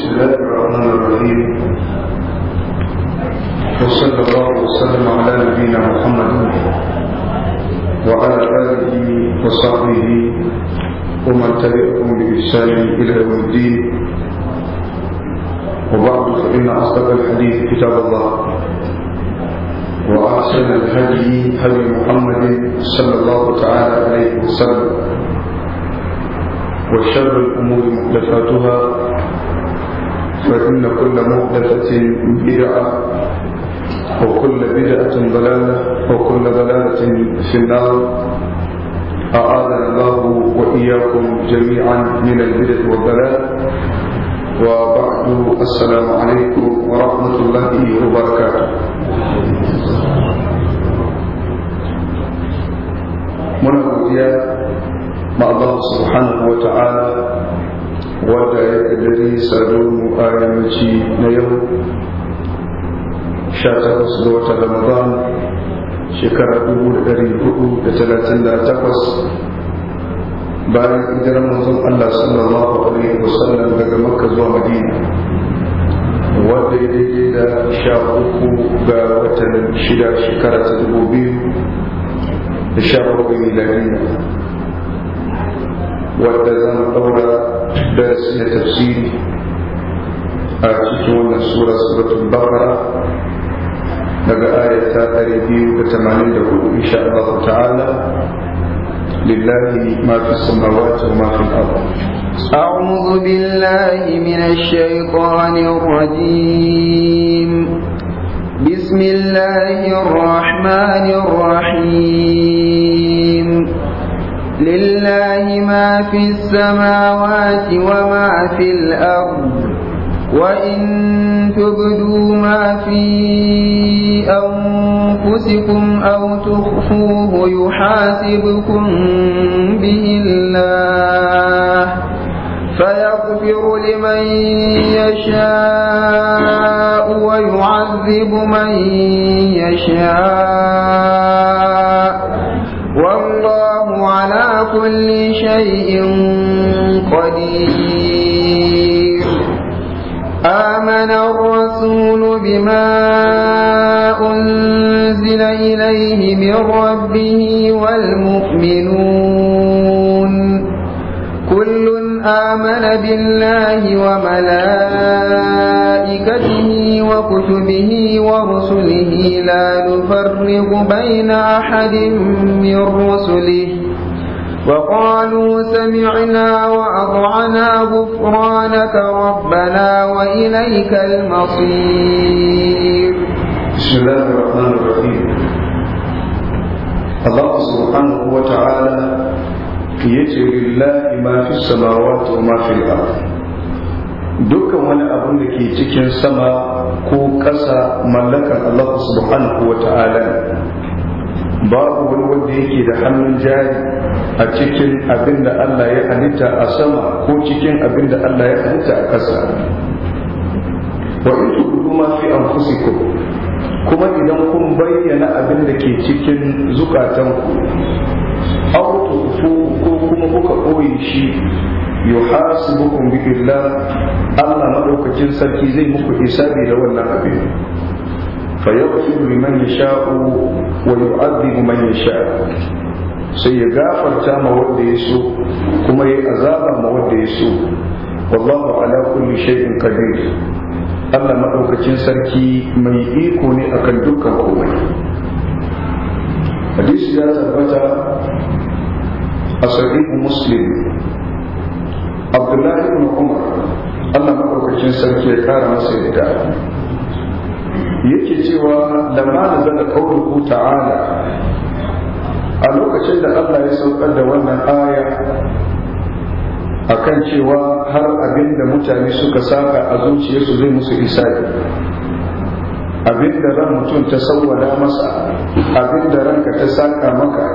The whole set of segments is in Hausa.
بسم الله الرحمن الرحيم وصلى الله وسلم على نبينا محمد وعلى آله وصحبه ومن تبعهم بإحسان إلى يوم الدين وبعد فإن أصدق الحديث كتاب الله وأحسن الهدي هدي محمد صلى الله تعالى عليه وسلم وشر الأمور محدثاتها فإن كل محدثة بدعة وكل بدعة ضلالة وكل ضلالة في النار أعاذنا الله وإياكم جميعا من البدع والضلال وبعد السلام عليكم ورحمة الله وبركاته من godiya مع الله سبحانه وتعالى wadda ya kaddari sadon a yammaci na yau 18 ga wata ramadan shekara 438 bayan hijirar manzon Allah sallallahu alaihi wasallam daga makka zuwa madina wadda ya daidai da sha uku ga watan shida shekara ta dubu biyu da sha bakwai miladiya wadda zan ɗaura بس لتفسير من سورة سورة البقرة لقى آية أريبي وثمانين إن شاء الله تعالى لله ما في السماوات وما في الأرض أعوذ بالله من الشيطان الرجيم بسم الله الرحمن الرحيم لله ما في السماوات وما في الأرض وإن تبدوا ما في أنفسكم أو تخفوه يحاسبكم به الله فيغفر لمن يشاء ويعذب من يشاء وما والله على كل شيء قدير آمن الرسول بما أنزل إليه من ربه والمؤمنون كل آمن بالله وملائكته وكتبه ورسله لا نفرق بين أحد من رسله وقالوا سمعنا وأضعنا غفرانك ربنا وإليك المصير بسم الله الرحمن الرحيم الله سبحانه وتعالى يجري لله ما في السماوات وما في الأرض dukkan wani abun da ke cikin sama ko ƙasa mallakar Allah subhanahu wa ta'ala babu wani wanda yake da hannun jari a cikin abin da Allah ya halitta a sama ko cikin abin da Allah ya halitta a ƙasa wa in tuqulu ma fi anfusikum kuma idan kun bayyana abin da ke cikin zukatanku aw tuqfu ko kuma kuka koyi shi yuhasibukum billah Allah Allah madaukakin sarki zai muku hisabi da wannan abin fa yaghfiru liman yasha'u wa yu'adhibu man yasha'u sai ya gafarta ma wanda ya so kuma ya azaba ma wanda ya so wallahu ala kulli shay'in qadir Allah madaukakin sarki mai iko ne akan dukkan komai hadisi ya tabbata a sahihu muslim abdullahi ibn umar allah maɗaukacin sarki ya kara masa yadda yake cewa lamma da zana ƙaunuku ta'ala a lokacin da allah ya saukar da wannan aya A kan cewa har abin da mutane suka saka a zuciyarsu zai musu isa abin da ran mutum ta sauwada masa abin ranka ta saka maka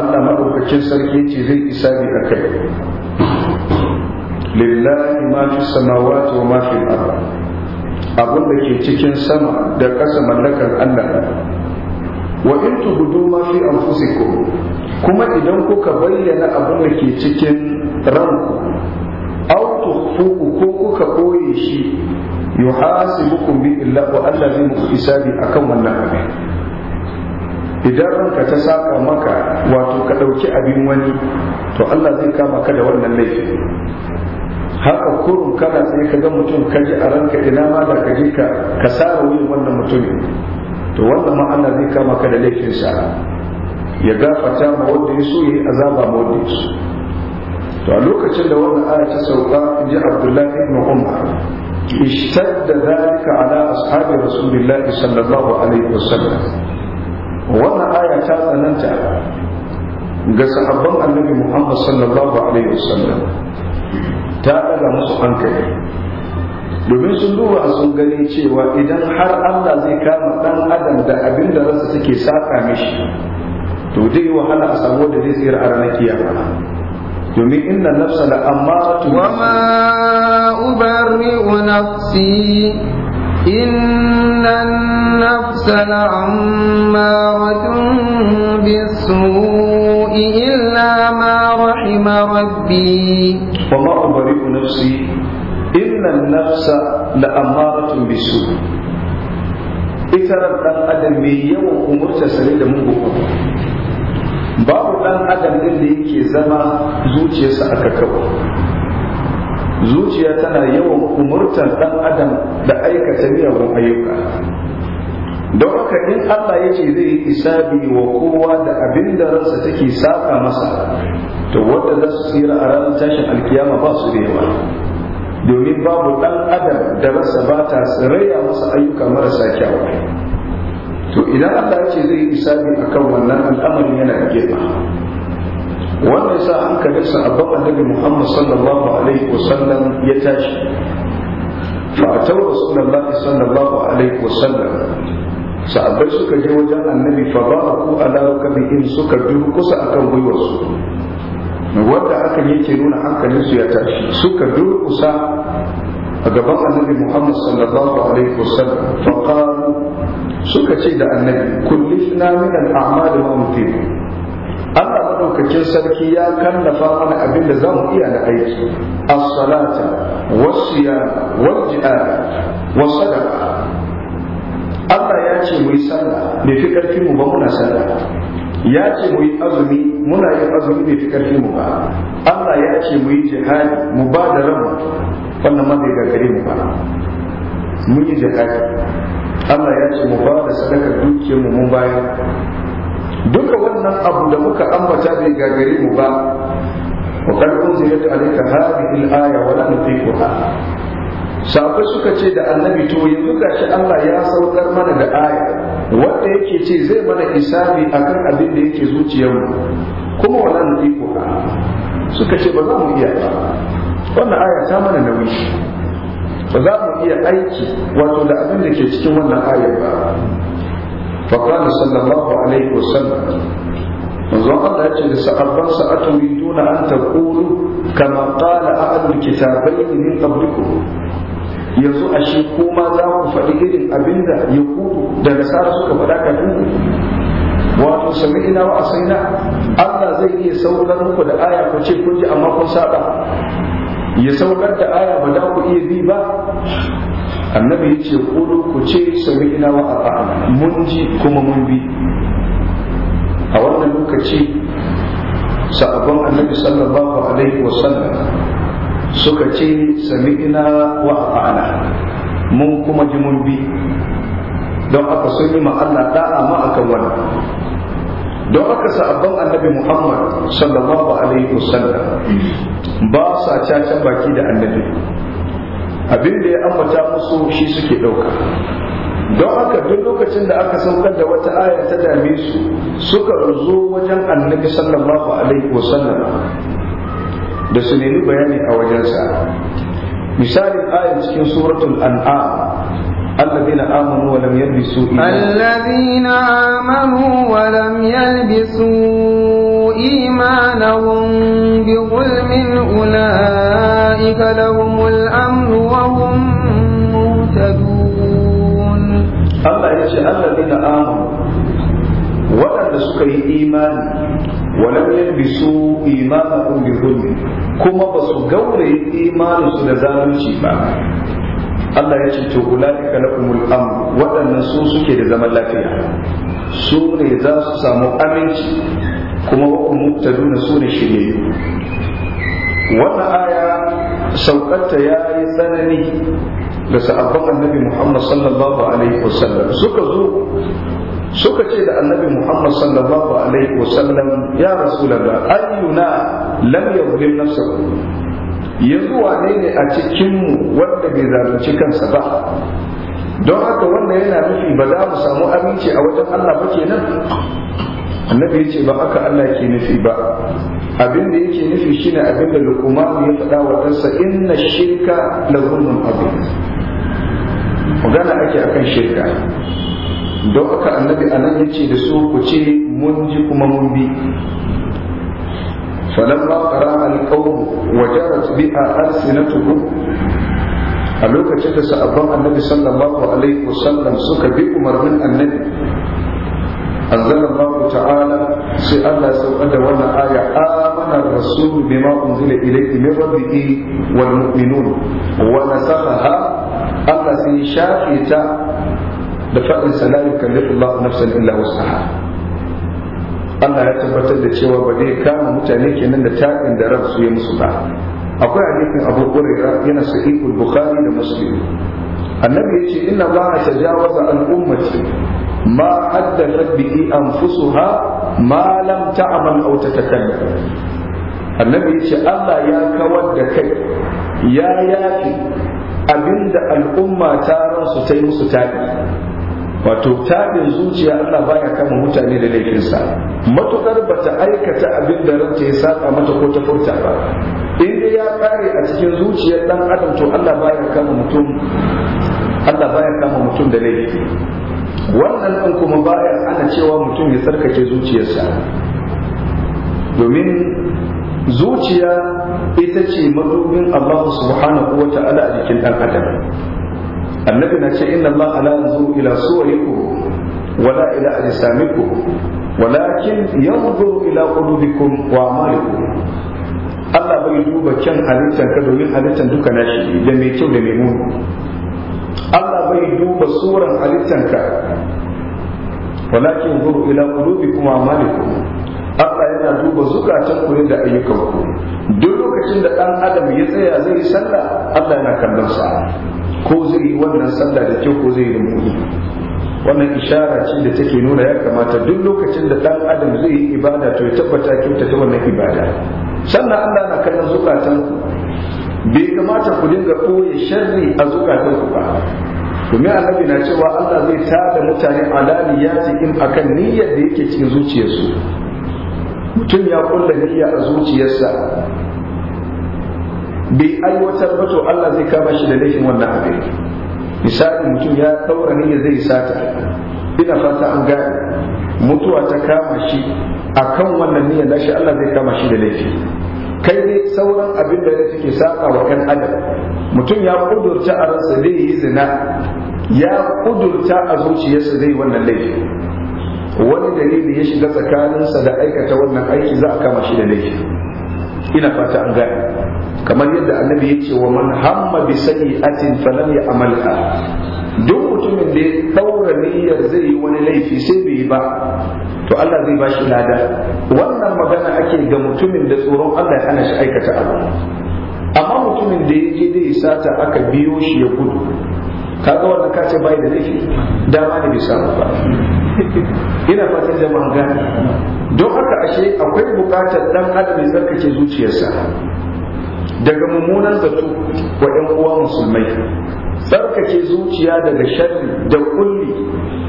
allah maɗaukacin sarki ce zai isa'i a kai lillahi ma fi samawati wa ma fi al-ard abun da ke cikin sama da ƙasa mallakar Allah wa in tubdu ma fi anfusikum kuma idan kuka bayyana abun da ke cikin ranku aw tukhfuhu ko kuka koye shi yuhasibukum bi illah wa Allah zai muku hisabi akan wannan abin idan ranka ta saka maka wato ka ɗauki abin wani to Allah zai kama ka da wannan laifin haka kurun kana sai ka ga mutum ka ji a ranka ina ma da ka ji ka ka sara wuyin wannan mutumin to wannan ma Allah zai kama ka da laifin sa ya gafata ma wanda ya so yi azaba ma wanda ya so to a lokacin da wannan aya ta sauka in ji Abdullahi ibn Umar اشتد ذلك ala ashabi رسول الله صلى الله wannan aya ta tsananta ga sahabban annabi Muhammad sallallahu alaihi wasallam ta daga musu hankali domin sun duba sun gani cewa idan har Allah zai kama dan adam da abin da rasa suke saka mishi to dai wahala a samu da zai tsira a ranar kiyama domin inna nafsa da amma wa ma ubarri'u nafsi إن النفس لعمارة بالسوء إلا ما رحم ربي وما أبرئ نفسي إن النفس لأمارة بالسوء itarar ɗan adam mai yawan umurta da babu ɗan adam ɗin da yake zama zuciyarsa aka kawo zuciya tana yawan umurtar dan adam da aikata miyagun ayyuka don haka in Allah ya ce zai yi isabi wa kowa da abin da ransa take saka masa to wanda za su tsira a ranar tashin alkiyama ba su da yawa domin babu dan adam da rasa ba ta tsiraya masa ayyuka marasa kyau. to idan Allah ya ce zai yi isabi akan wannan al'amarin yana gefa wannan sa hankalin sahabban annabi Muhammad sallallahu alaihi wasallam ya tashi fa atau rasulullahi sallallahu alaihi wasallam sahabbai suka je wajen annabi fa ba'u ala rakabihin suka kusa akan gwiwarsu wanda hakan yake nuna hankalin su ya tashi suka kusa a gaban annabi Muhammad sallallahu alaihi wasallam fa suka ce da annabi kullifna min al-a'mal wa mutiqu Allah madaukakin sarki ya kallafa mana abin da zamu iya na aiki as-salata was-siyam wal-jihad was-sadaqa Allah ya ce mu yi sallah bai fi karfi mu ba muna sallah ya ce mu yi azumi muna yin azumi bai fi karfi mu ba Allah ya ce mu yi jihad mu ba da ranmu wannan ma bai gagare mu ba mun yi jihad Allah ya ce mu ba da sadaka dukiyar mu mun bayar duka wannan abu da muka ambata bai gagare mu ba wa qad unzilat alayka hadhihi al-aya wa la nutiquha Sabai suka ce da annabi to yanzu gashi Allah ya saukar mana da aya wanda yake ce zai mana isabi akan abin da yake zuciyarmu kuma wa wala nutiquha suka ce ba za mu iya ba wannan aya ta mana nauyi ba za mu iya aiki wato da abin da ke cikin wannan ayar ba فقال صلى الله عليه وسلم manzon Allah ya ce da sahabban sa'atun yiduna an taqulu kama qala ahadul kitabaini min qablikum yanzu ashe kuma za ku faɗi irin abinda yahudu da nasara suka faɗa kafin wato sami'ina wa asaina Allah zai iya saukar muku da aya ku ce kun ji amma kun saba ya saukar da aya ba da ku iya bi ba annabi ya ce ku ce sami ina wa a mun ji kuma mun bi a wannan lokaci sa'abban annabi sallallahu alaihi wasallam suka ce sami ina wa a mun kuma ji mun bi don aka sun yi ma'alla da'a ma akan wani don aka sa'abban annabi muhammad sallallahu alaihi wasallam ba sa cacan baki da annabi abin da ya ambata musu shi suke ɗauka don haka duk lokacin da aka saukar da wata aya ta dame su suka ruzo wajen annabi sallallahu alaihi sallama da su nemi bayani a wajensa misalin ayar cikin suratul an'am الذين آمنوا ولم يلبسوا الذين آمنوا ولم يلبسوا إيمانهم بظلم أولئك لهم الأمن وهم مهتدون الله يجعل الذين آمنوا waɗanda suka yi imani walam yalbisu imanahum bi dhulm kuma ba su gauraye imaninsu da zalunci ba Allah ya ce to ulaika lakumul amn waɗannan su suke da zaman lafiya su ne za su samu aminci kuma wakun muktaduna su ne shirye wata aya saukarta ya yi tsanani da sa'abban annabi muhammad sallallahu alaihi wasallam suka zo suka ce da annabi muhammad sallallahu alaihi wasallam ya rasulallah ayyuna lam yadhlim nafsahu yanzu wane ne a cikinmu wanda bai zalunci kansa ba don haka wannan yana nufi ba za mu samu aminci a wajen Allah ba kenan annabi ya ce ba aka Allah ke nufi ba abin da yake nufi shine abin da lukumanu ya faɗa wa ɗansa inna shirka da zulmun abu magana ake akan shirka don aka annabi anan nan yace da su ku ce mun ji kuma mun bi فلما قرأ القوم وجرت بها ألسنتهم a lokacin da sa'abban annabi sallallahu alaihi wasallam suka bi umarnin annabi anzala ta'ala sai Allah saukar da wannan aya amana rasulu bima unzila ilayhi min rabbihi wal mu'minun wa nasakhaha Allah sai shafe ta da fadin salamin kallifullahu nafsan illa wusaha Allah ya tabbatar da cewa ba zai kama mutane kenan da takin da ransu ya musu ba akwai hadisin Abu Hurairah yana sahihul Bukhari da Muslim annabi yace inna Allah tajawaza al ummati ma addarat bihi malam ta lam ta'mal aw tatakallam annabi yace Allah ya kawar da kai ya yafi abinda al'umma ta ransu ta yi musu tabi wato tabin zuciya Allah baya kama mutane da laifinsa matukar bata aikata abin da ranta ya saka mata ko ta furta ba in ya kare a cikin zuciyar ɗan adam to Allah baya kama mutum da laifi wannan ɗin kuma baya ana cewa mutum ya tsarkake zuciyarsa domin zuciya ita ce madubin Allah subhanahu wa ta'ala a jikin ɗan adam annabi na ce inna Allah ala yanzu ila ku, wala ila ajsamikum walakin yanzuru ila qulubikum wa amalikum Allah bai duba kyan halittar ka domin halittar duka na shi da mai kyau da mai muni bai duba suran halittanka walakin zuru ila qulubikum wa amalikum Allah yana duba zukatan ku da ayyukan ku duk lokacin da dan adam ya tsaya zai yi sallah Allah yana kallon sa ko zai yi wannan sallah da kyau ko zai yi rumuni wannan ishara ce da take nuna ya kamata duk lokacin da dan adam zai yi ibada to ya tabbata kyauta ta wannan ibada sannan Allah na kallon zukatan ku bai kamata ku dinga koyi sharri a zukatan ku ba domin annabi na cewa Allah zai tada mutane ala in akan niyyar da yake cikin zuciyarsu mutum ya kulla niyya a zuciyarsa bai aiwatar ba to Allah zai kama shi da laifin wannan abin misali mutum ya daura niyya zai sata ina fata an gane mutuwa ta kama shi akan wannan niyyar shi Allah zai kama shi da laifi kai dai sauran abin da suke saka wa kan adam mutum ya kudurta a ransa zai yi zina ya kudurta a zuciyarsa zai wannan laifi wani dalili ya shiga tsakaninsa da aikata wannan aiki za a kama shi da laifi ina fata an gane kamar yadda annabi ya ce wa man hamma bi sayyi'atin falam ya'malha duk mutumin da ya daura niyyar zai yi wani laifi sai bai yi ba to Allah zai bashi lada wannan magana ake ga mutumin da tsoron Allah ya hana shi aikata abu amma mutumin da ya da ya sata aka biyo shi ya gudu kaga wannan kace bai da laifi dama ne bai samu ba ina fatan jama'a gani don haka ashe akwai bukatar dan adam ya tsarkake zuciyarsa daga mummunan zato wa ɗan uwa musulmai tsarkake zuciya daga sharri da kulli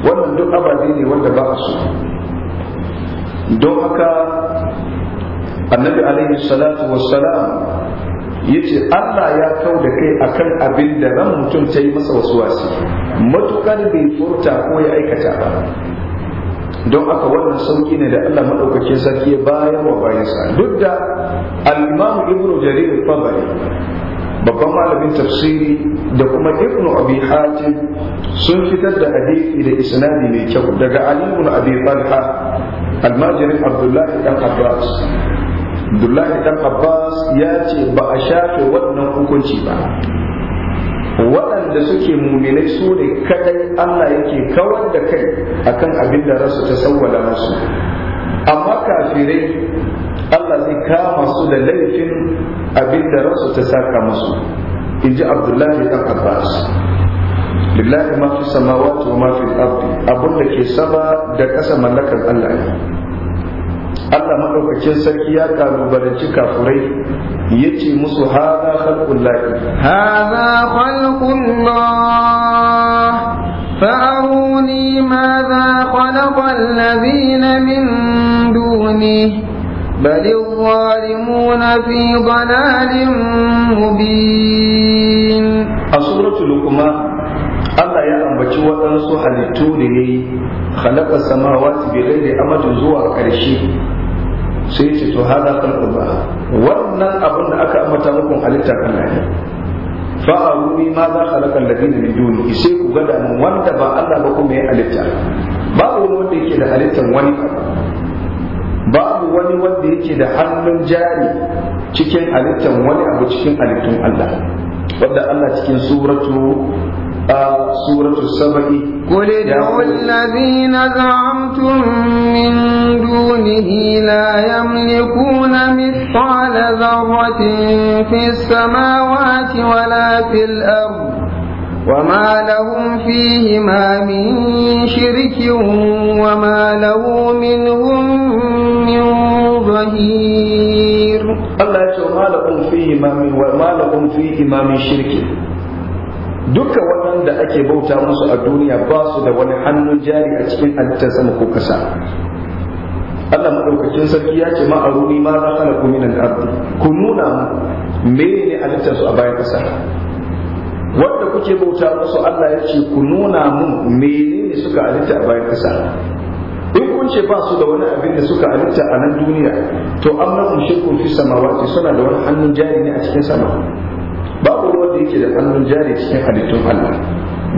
wannan duk ababe ne wanda ba a so don haka annabi alaihi salatu wassalam yace Allah ya kau da kai akan abin da ran mutum ta yi masa wasuwasi matukar bai furta ko ya aikata ba don aka wannan sauki ne da Allah madaukakin sarki ya bayar wa bayansa duk da al-Imam Ibn Jarir babban malamin tafsiri da kuma ibnu abi hatim sun fitar da hadisi da isnadi mai kyau daga ali ibn abi talha almajirin abdullahi dan abbas abdullahi dan abbas ya ce ba a shafe wannan hukunci ba waɗanda suke muminai su ne kadai Allah yake kawar da kai akan abin da rasu ta sawwala musu amma kafirai Allah zai kama su da laifin abin da ransu ta saka musu in ji Abdullahi dan Abbas lillahi ma fi samawati wa ma fi ardi abin da ke saba da ƙasa mallakar Allah ne Allah madaukakin sarki ya kalubalanci kafurai ya ce musu hada khalqul lahi hada khalqul فأروني ماذا خلق الذين من دونه بل الظالمون في ضلال مبين سورة لقمان Allah ya ambaci waɗansu halittu da ya yi khalaqa samawati bi ghairi amadin zuwa ƙarshe sai ce to hada khalqu ba wannan abin da aka ambata muku halitta Allah ne fa aruni ma za khalaqa alladhina min duni sai ku ga da wanda ba Allah ba kuma ya halitta Babu wani wanda yake da halittan wani babu wani wanda yake da hannun jari cikin halittan wani abu cikin halittun Allah wadda Allah cikin suratu سورة السبع قل ادعوا الذين زعمتم من دونه لا يملكون مثقال ذرة في السماوات ولا في الأرض وما لهم فيهما من شرك وما له منهم من ظهير الله يقول ما لهم فيهما من وما لهم فيهما من شرك دك waɗanda ake بوتا musu الدنيا duniya ba su da wani hannun jari a Allah maɗaukakin sarki ya ce ma ma'aruni ma za ku minan ardi ku nuna mu menene halittar su a bayan kasa wanda kuke bauta musu Allah ya ce ku nuna mun menene suka halitta a bayan kasa in kun ce ba su da wani abin da suka halitta a nan duniya to amma in shirkun fi samawati suna da wani hannun jari ne a cikin sama babu wanda yake da hannun jari cikin halittun Allah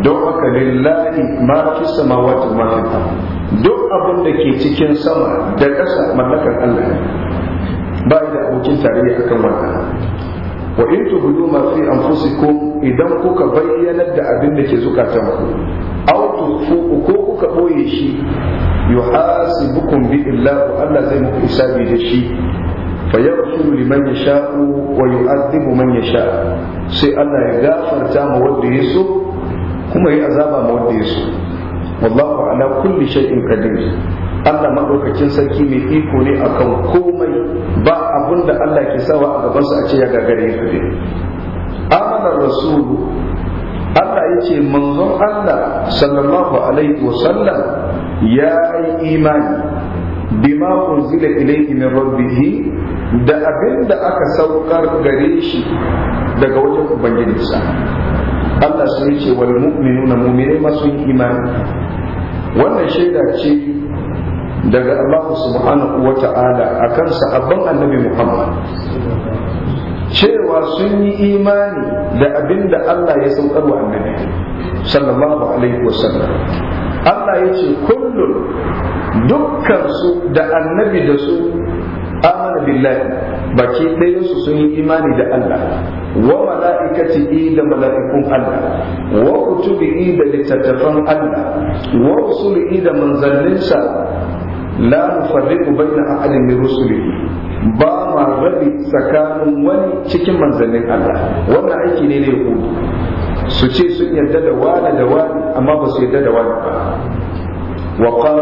don haka lillahi ma fi samawati ma fi duk abin da ke cikin sama da ƙasa mallakar Allah ba da abokin tarayya akan wannan wa in tubdu ma fi anfusikum idan kuka bayyanar da abin da ke zukatan ku aw tufu ko kuka boye shi yuhasibukum bi illahu Allah zai muku hisabi da shi fa yaghfiru liman yasha'u wa yu'adhibu man yasha'u sai Allah ya gafarta ma wanda yaso so kuma ya azaba ma wanda yaso wallahu ala kulli shay'in qadir Allah maɗaukakin sarki mai iko ne akan komai ba abun da Allah ke sawa a gabansa a ce ya gagare ka ne amana rasulu Allah ya ce manzon Allah sallallahu alaihi wasallam ya yi imani bima unzila ilayhi min rabbih da abin aka saukar gare shi daga wajen sa Allah sun ce wal mu'minuna mu'minai masu imani wannan shaida ce daga Allah subhanahu wa ta'ala a kan sahabban annabi Muhammad cewa sun yi imani da abin da Allah ya saukar wa annabi sallallahu alaihi wasallam Allah ya ce kullum dukkansu da annabi da su amana billahi baki su sun yi imani da Allah wa mala'ikati da mala'ikun Allah wa kutubi da littattafan Allah wa usul'i da manzanninsa la nufarriqu baina ahadin min rusulihi ba ma rabi tsakanin wani cikin manzannin Allah wannan aiki ne ne yahudu su ce sun yarda da wani da wani amma ba su yarda da wani ba wa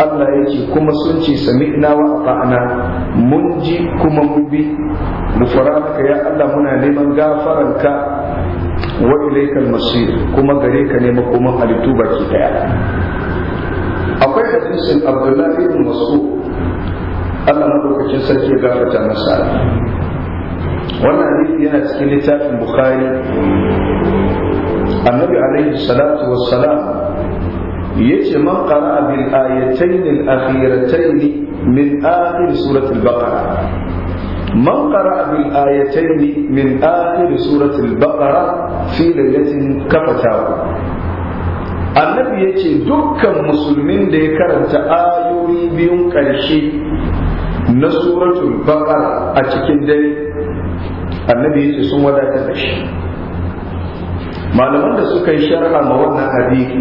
Allah ya ce kuma sun ce sami'na wa ata'na mun ji kuma mun bi gufranaka ya Allah muna neman gafaranka wa ilaikal masir kuma gare ka ne makoman halittu baki daya hadisin abdullahi ibn mas'ud Allah madaukakin sarki ya gafarta masa wannan hadisi yana cikin littafin bukhari annabi alaihi salatu wassalam yace man qara'a bil ayatayn al akhiratayn min akhir surati al baqara من قرأ بالآيتين من آخر سورة البقرة في ليلة كفتاه annabi ya ce dukkan musulmin da ya karanta ayoyi biyun ƙarshe na suratul baqara a cikin dare annabi ya ce sun wadata da shi malaman da suka yi shar'a ma wannan hadisi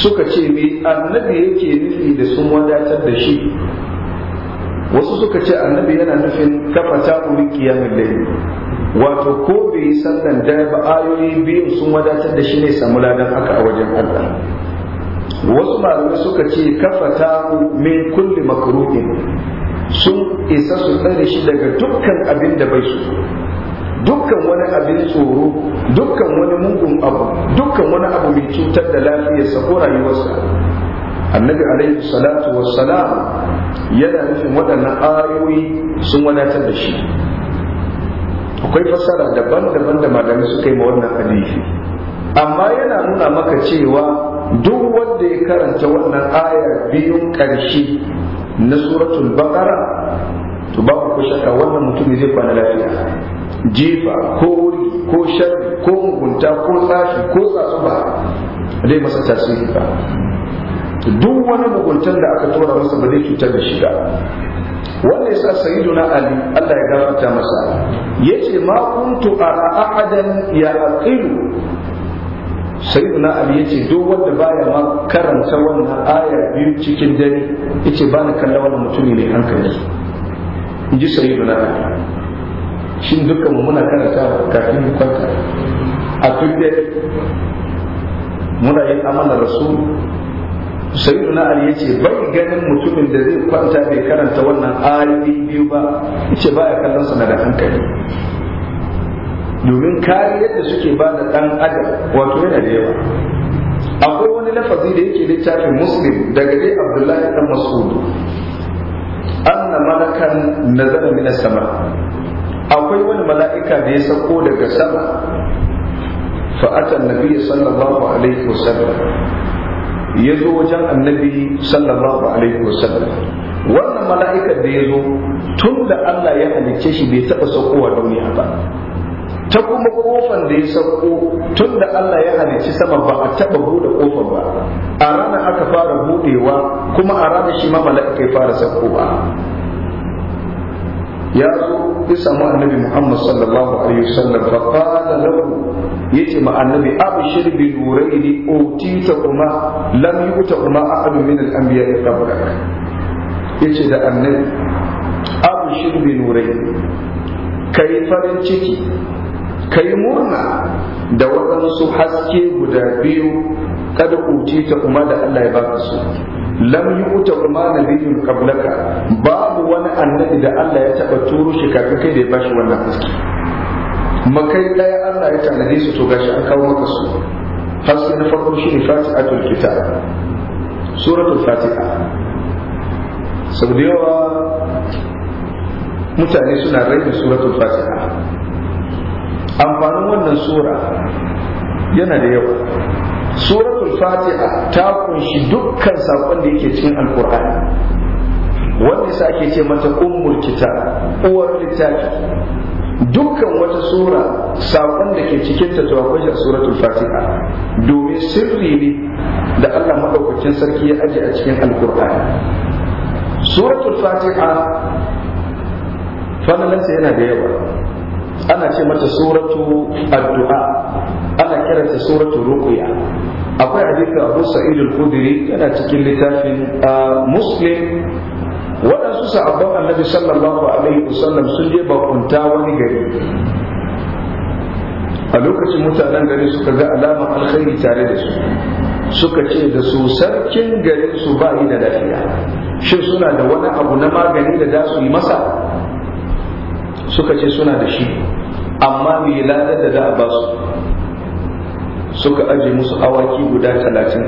suka ce me annabi yake nufi da sun wadatar da shi wasu suka ce annabi yana nufin kafa ta ta'uri qiyamul layl wato ko bai yi sannan da ba ayoyi biyu sun wadatar da shi ne samu ladan haka a wajen Allah wasu malamai suka ce kafa ta min kulli makruhin sun isa su tsare shi daga dukkan abin da bai so dukkan wani abin tsoro dukkan wani mugun abu dukkan wani abu mai cutar da lafiyarsa ko rayuwarsa annabi alaihi salatu salam yana nufin waɗannan ayoyi sun wadatar da shi akwai fasara daban-daban da malamai suka yi ma wannan hadisi amma yana nuna maka cewa duk wanda ya karanta wannan aya biyun ƙarshe na suratul baqara to babu ko shakka wannan mutum zai kwana lafiya jifa ko wuri ko sharri ko mugunta ko tsafi ko tsatsuba dai masa tasiri ba to duk wani muguntan da aka tura masa ba zai cutar da shi ba wanda yasa sayyiduna ali Allah ya gafarta masa yace ma kuntu a ahadan ya aqilu sayyiduna ali yace duk wanda baya ma karanta wannan aya biyu cikin dare yace ba ni kalla wannan mutumi mai hankali inji sayyiduna ali shin dukkan mu muna karanta kafin kwanta a duk dare muna yin amanar rasul sayyidu na ali yace bai ganin mutumin da zai kwanta bai karanta wannan ayoyi biyu ba yace baya kallon sa da hankali domin kare yadda suke ba da dan adam wato yana da yawa akwai wani lafazi da yake littafin muslim daga dai abdullahi dan mas'ud anna malakan nazala min sama akwai wani mala'ika da ya sako daga sama fa nabiyyi sallallahu alaihi wasallam ya zo wajen annabi sallallahu alaihi wasallam wannan mala'ikan da ya zo tun da Allah ya halicce shi bai taɓa saukowa duniya ba ta kuma kofan da ya sauko tun da Allah ya halicci sama ba a taɓa buɗe kofar ba a ranar aka fara buɗewa kuma a ranar shi ma mala'ikai fara saukowa ya zo ya samu annabi Muhammad sallallahu alaihi wasallam fa qala lahu yace ma annabi abshir bi nuraini utita kuma lam yuta kuma ahad min al anbiya qablak yace da annabi abshir bi nuraini kai farin ciki ka yi murna da waɗansu haske guda biyu kada ce ta kuma da Allah ya baka su lam yi uta kuma na biyun kablaka babu wani annabi da Allah ya taɓa turu shi kafin kai da ya bashi wannan haske makai ɗaya Allah ya tanade su to gashi an kawo maka su haske na farko shi ne fatihatul kitab suratul fatiha sau da yawa mutane suna raina suratul fatiha amfanin wannan sura yana da yawa suratul fatiha ta kunshi dukkan saƙon da yake cikin alkur'ani wanda sa ake ce mata ummul kitab uwar littafi dukkan wata sura saƙon da ke cikin ta akwai a suratul fatiha domin sirri ne da Allah maɗaukakin sarki ya aje a cikin alkur'ani suratul fatiha fadalansa yana da yawa ana ce mata suratu addu'a ana kiranta suratu ruqya akwai hadisi Abu Sa'id al-Khudri yana cikin littafin ah, Muslim waɗansu sahabban Annabi sallallahu alaihi wasallam sun je bakunta wani gari a lokacin mutanen gari suka ga alamar alkhairi tare da su suka ce da su sarkin garin su ba yi da lafiya shin suna da wani abu na magani da za su yi masa suka ce suna da shi amma bai ladar da za a ba su suka aje musu awaki guda talatin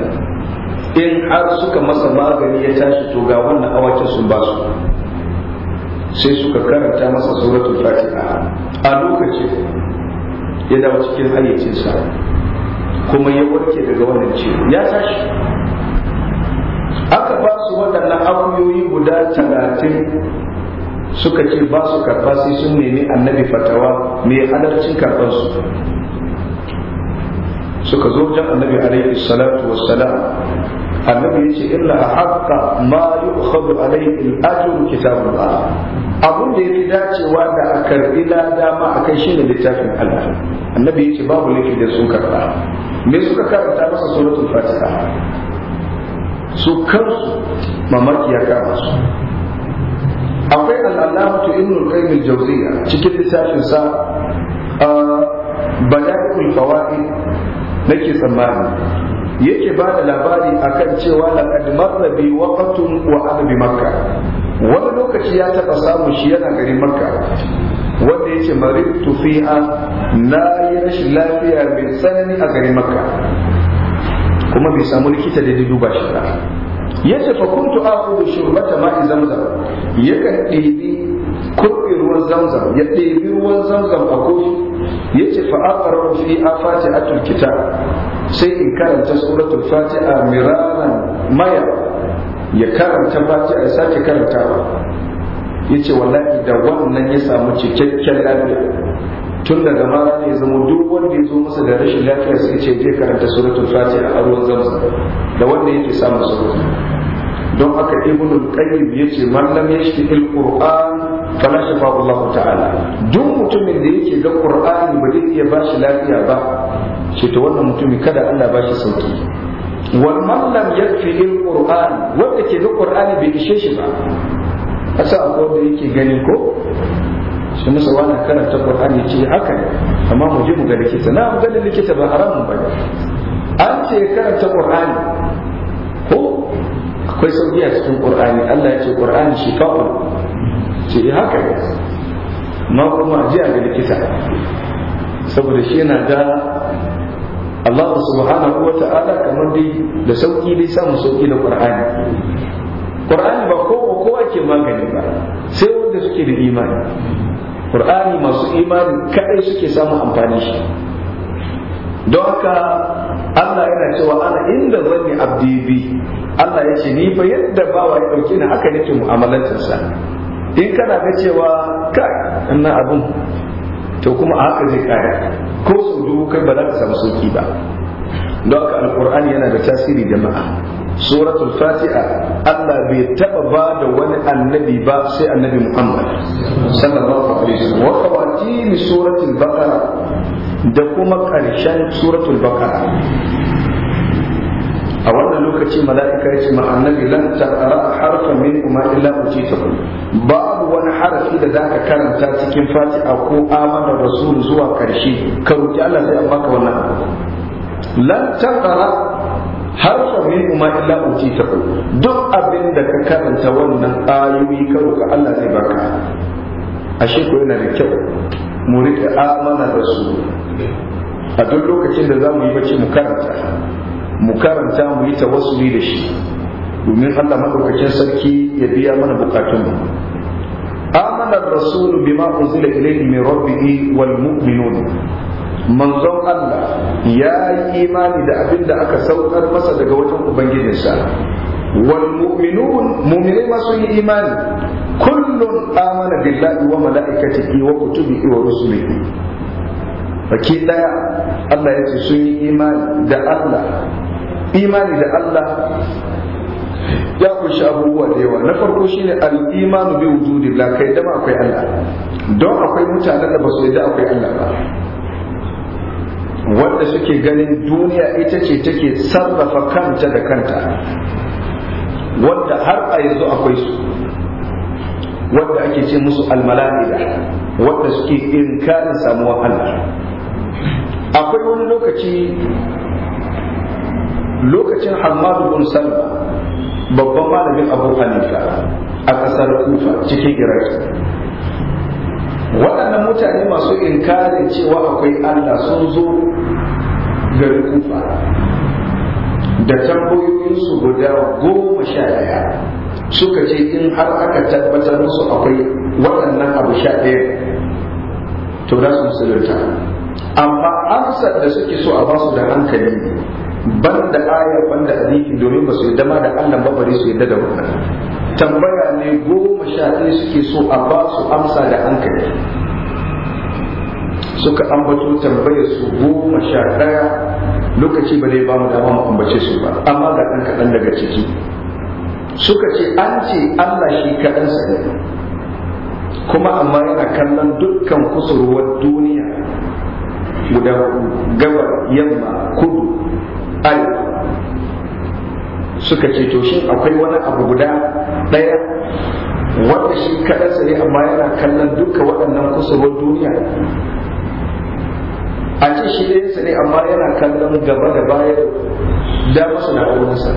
in har suka masa magani ya tashi to ga wannan awakin sun ba su sai suka karanta masa suratul fatiha a lokacin ya dawo cikin hayyacinsa kuma ya warke daga wannan ce ya tashi aka ba su waɗannan abuyoyi guda talatin suka ce ba su karɓa sai sun nemi annabi fatawa mai halarcin karɓarsu suka zo jan annabi alaihi salatu wa salam annabi ya ce illa a haƙƙa ma yi ukhadu alaihi al'ajru ba. abun da fi dacewa da a karɓi dama a akan shine littafin Allah annabi ya ce babu laifi da sun karɓa me suka karanta masa suratul fatiha su kansu mamaki ya kama su akwai al'allamatu ibn qayyim al-jawziyya cikin littafin sa bada'ul fawaid nake tsammani yake ba da labari akan cewa laqad marra bi waqtun wa ana makka wani lokaci ya taba samu shi yana garin makka wanda ya ce marittu fiha na yi rashin lafiya mai tsanani a garin makka kuma bai samu likita da ya duba shi ba yace fa kuntu aqulu shurbata ma'i zamzam yakan dibi kurɓi ruwan zamzam ya ɗebi ruwan zamzam a kofi yace fa aqra fi afati atul kitab sai in karanta suratul fatiha miraran maya ya karanta fatiha ya sake karantawa yace wallahi da wannan ya samu cikakken lafiya tun daga mara ne zama duk wanda ya zo masa da rashin lafiya sai ce je karanta suratul fatiha a ruwan zamzam da wanda yake samun sauki don haka ibnul qayyim yace man lam yashtil qur'an fala shafa Allah ta'ala duk mutumin da yake ga qur'ani ba zai iya bashi lafiya ba ce to wannan mutumi kada Allah bashi sauki wal man lam il qur'an wanda ke ga qur'ani bai ishe shi ba asa akwai da yake gani ko shi musu wani karanta qur'ani ce haka amma mu ji mu ga likita na mu ganin likita ba haramun ba ne, an ce karanta qur'ani ko akwai sauƙi a cikin qur'ani Allah ya ce qur'ani shi kawo ce eh, haka ne amma kuma ji a ga likita saboda shi yana da Allah subhanahu wa ta'ala kamar dai da sauki dai samu sauki da qur'ani Qur'ani ba ko ko ake magani ba sai wanda suke da imani Qur'ani masu imani kadai suke samun amfani shi don haka Allah yana cewa ana inda zanni abdi bi Allah ya ce ni fa yadda ba ya dauke ni aka nake sa in kana ga cewa ka ina abun to kuma a haka zai kare ko su dubu kai ba za ka samu sauki ba don haka alqur'ani yana da tasiri jama'a suratul fatiha Allah bai taba ba da wani annabi ba sai annabi Muhammad sallallahu alaihi wasallam wa qawatim suratul baqara da kuma karshen suratul baqara a wannan lokaci mala'ika ya ce ma annabi lan taqra harfan min kuma illa utitahu babu wani harafi da zaka karanta cikin fatiha ko amana rasul zuwa karshe ka roki Allah sai an baka wannan lan taqra har wa kuma illa ta ku. duk abin da ka karanta wannan ayoyi ka roka Allah zai baka ashe ko yana da kyau mu rika amana da su a duk lokacin da za mu yi bacci mu karanta mu karanta mu yi tawassuli da shi domin Allah madaukakin sarki ya biya mana bukatunmu amana rasulu bima unzila ilayhi min rabbihi wal mu'minun manzon Allah ya yi imani da abin da aka saukar masa daga wajen ubangijinsa wal mu'minun mu'minai masu sun yi imani kullun amana billahi wa mala'ikatihi wa kutubihi wa rusulihi baki daya Allah ya ce sun yi imani da Allah imani da Allah ya kunshi abubuwa da yawa na farko shine al-imanu bi wujudillah kai dama akwai Allah don akwai mutanen da ba su yadda akwai Allah ba wanda suke ganin duniya ita ce take sarrafa kanta da kanta wanda har a yanzu akwai su wanda ake ce musu almala'ida wanda suke inkarin samuwar Allah akwai wani lokaci lokacin hamadu bin salma babban malamin abu hanifa a ƙasar kufa cikin iraki waɗannan mutane masu inkarin cewa akwai Allah sun zo gari kufa da tambayoyinsu guda goma sha ɗaya suka ce in har aka tabbatar musu akwai waɗannan abu sha ɗaya to za su musulunta amma amsar da suke so a basu da hankali da aya banda hadisi domin ba su yadda ma da Allah ba bare su yadda da wannan tambaya ne goma sha ɗaya suke so a ba su amsa da hankali suka ambato tambayar su goma sha ɗaya lokaci ba dai ba mu dama mu ambace su ba amma ga ɗan kaɗan daga ciki suka ce an ce Allah shi kaɗan sa ne kuma amma yana kallon dukkan kusurwar duniya guda gabar yamma kudu al suka ce to shi akwai wani abu guda ɗaya wanda shi kaɗansa ne amma yana kallon duka waɗannan kusurwar duniya a ce shi ɗayansa ne amma yana kallon gaba da baya da masa da aurensa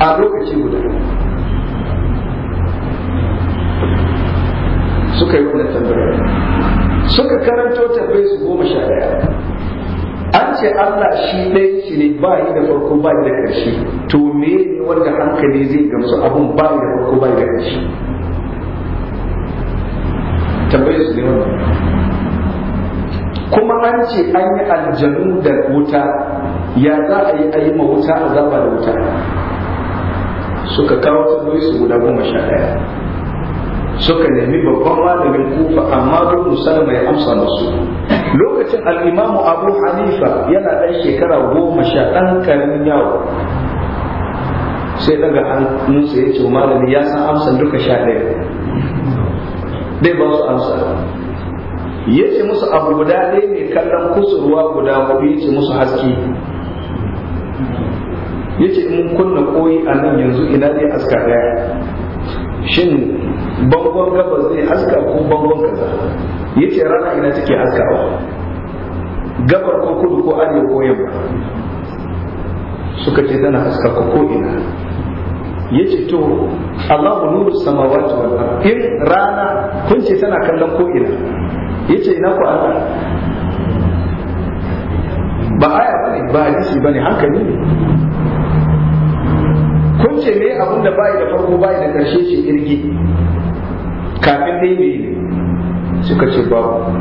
a lokaci guda suka yi wannan tambayar suka karanto tabbai su goma sha ɗaya Ace ce Allah shi ɗaya shi ne ba yi da farko ba yi da ƙarshe to me ne wanda hankali zai gamsu abun ba yi da farko ba yi da ƙarshe tambayar su ne kuma an ce an yi aljanu da wuta ya za a yi ayi ma wuta zaba da wuta suka kawo tambayi su guda goma sha ɗaya suka nemi babban malamin kufa amma duk musalma ya amsa musu lokacin al'imamu abu hanifa yana ɗan shekara goma sha ɗan ƙaramin yawo sai daga hannunsa ya ce malami ya san amsa duka sha ɗaya dai ba su amsa ya ce musu abu guda ɗaya ne kallon kusurwa guda hudu ya ce musu haske ya ce in kunna koyi a nan yanzu ina ne aska ɗaya shin bangon gabas zai haska ko bangon kaza ya ce rana ina take haskawa gabar ko kudu ko arewa ko yamma suka ce tana haska ko ina ya ce to Allahu nuru samawati wal ard in rana kun ce tana kallon ko ina ya ce ina ku Allah ba aya bane ba hadisi bane hankali ne kun ce me abin da bai da farko bai da karshe shi irgi? kafin dai me suka ce babu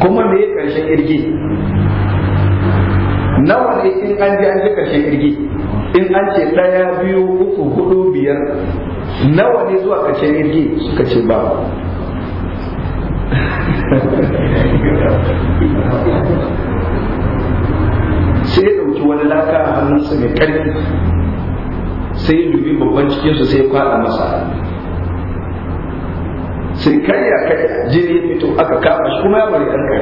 kuma me ya karshen kirki nawa ne in an ji an ji karshen irgi? in an ce daya biyu uku hudu biyar nawa ne zuwa karshen kirki suka ce babu sai ya ɗauki wani laka a hannunsa mai karfi sai ya dubi babban cikinsu sai ya kwaɗa masa sai karya kai jini ya fito aka kama shi kuma ya bari an kare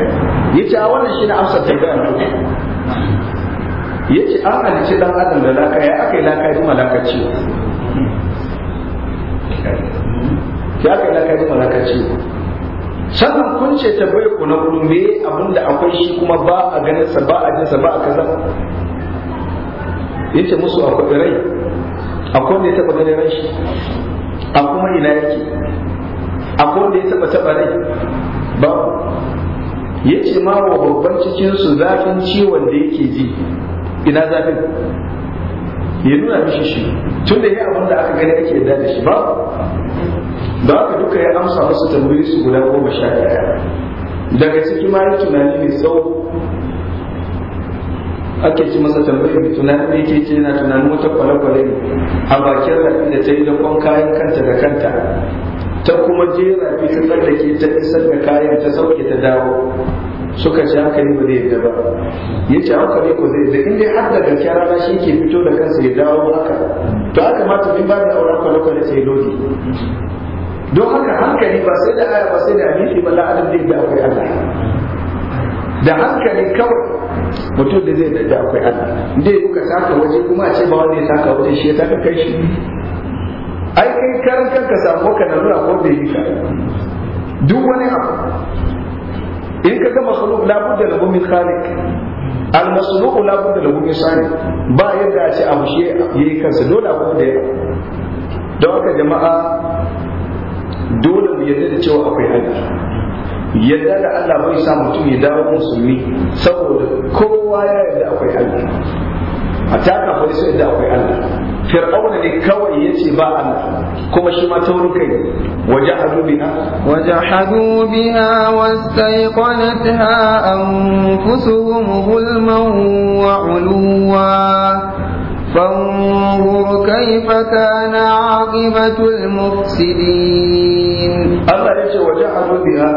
ya ce a wannan shi na amsa tambayar nan ya ce an ce dan adam da laka ya aka yi laka ji malaka ciwo ya aka yi laka ji malaka ciwo sannan kun ce bai ku na kullum me abinda akwai shi kuma ba a ganin sa ba a jinsa ba a kaza yace musu akwai rai akwai wanda ya taba ganin rashi a kuma ina yake akwai wanda ya taba taba rai ba ya ce ma wa babban cikinsu zafin ciwon da yake ji ina zafin ya nuna mishi shi tun da ya abin da aka gani ake yadda da shi ba da haka duka ya amsa musu tambayi su guda goma sha daya daga ciki ma yi tunani mai tsawo ake ci masa tambayi da tunan da yake ce yana tunanin wata kwale-kwale ne a bakin rafi da ta yi dakon kayan kanta da kanta ta kuma je rafi ta tsallake ta isar da kayan ta sauke ta dawo suka ce haka ne ba zai yadda ba ya ce haka ne ko zai zai inda dai har da kyara na shi ke fito da kansa ya dawo haka to haka ma tafi ba da auren kwale-kwale sai lodi don haka hankali ba sai da aya ba sai da hadisi ba la'adun da da akwai Allah da hankali kawai mutum da zai da akwai Allah dai kuka saka waje kuma a ce ba wanda ya saka waje shi ya saka kai shi ai kai karan kanka sako ka na nuna ko bai yi ka duk wani abu in ka ga makhluk la budda lahu min khaliq al masluq la budda lahu min sani ba yadda a ce abu shi yi kansa dole abu da ya don haka jama'a dole mu yarda da cewa akwai Allah yadda da Allah bai sa mutum ya dawo musulmi saboda kowa ya yadda akwai Allah a taka fari sai yadda akwai Allah fir'auna ne kawai yace ba Allah kuma shi ma taurin kai wajahadu biha wajahadu biha wastayqanatha anfusuhum zulman wa 'uluwa فانظر كيف كان عاقبة المفسدين الله يجي وجحدوا بها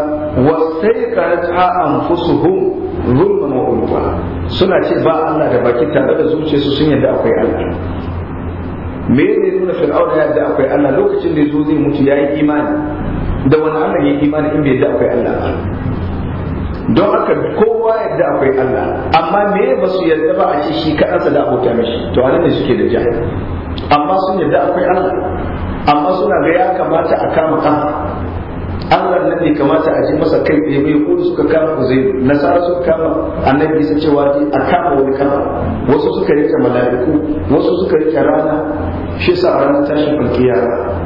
واستيقنتها أنفسهم ظلما وعلوا suna ce ba Allah da baki tare da zuciyarsu sun yarda akwai Allah me ne nuna fir'auna ya yadda akwai Allah lokacin da yazo zai mutu yayi imani da wani Allah ya imani in bai da akwai Allah don haka kowa yadda akwai Allah amma me ba su yadda ba a ce shi sa, da abota mishi to anan ne suke da jihar amma sun yadda akwai Allah amma suna ga ya kamata a kama ɗan Allah nan ne kamata a ji masa kai ɗaya bai kudu suka kama zai nasara suka kama annabi bisa cewa ji a kama wani kama wasu suka rike mala'iku wasu suka rike rana shi sa a ranar tashin alkiyama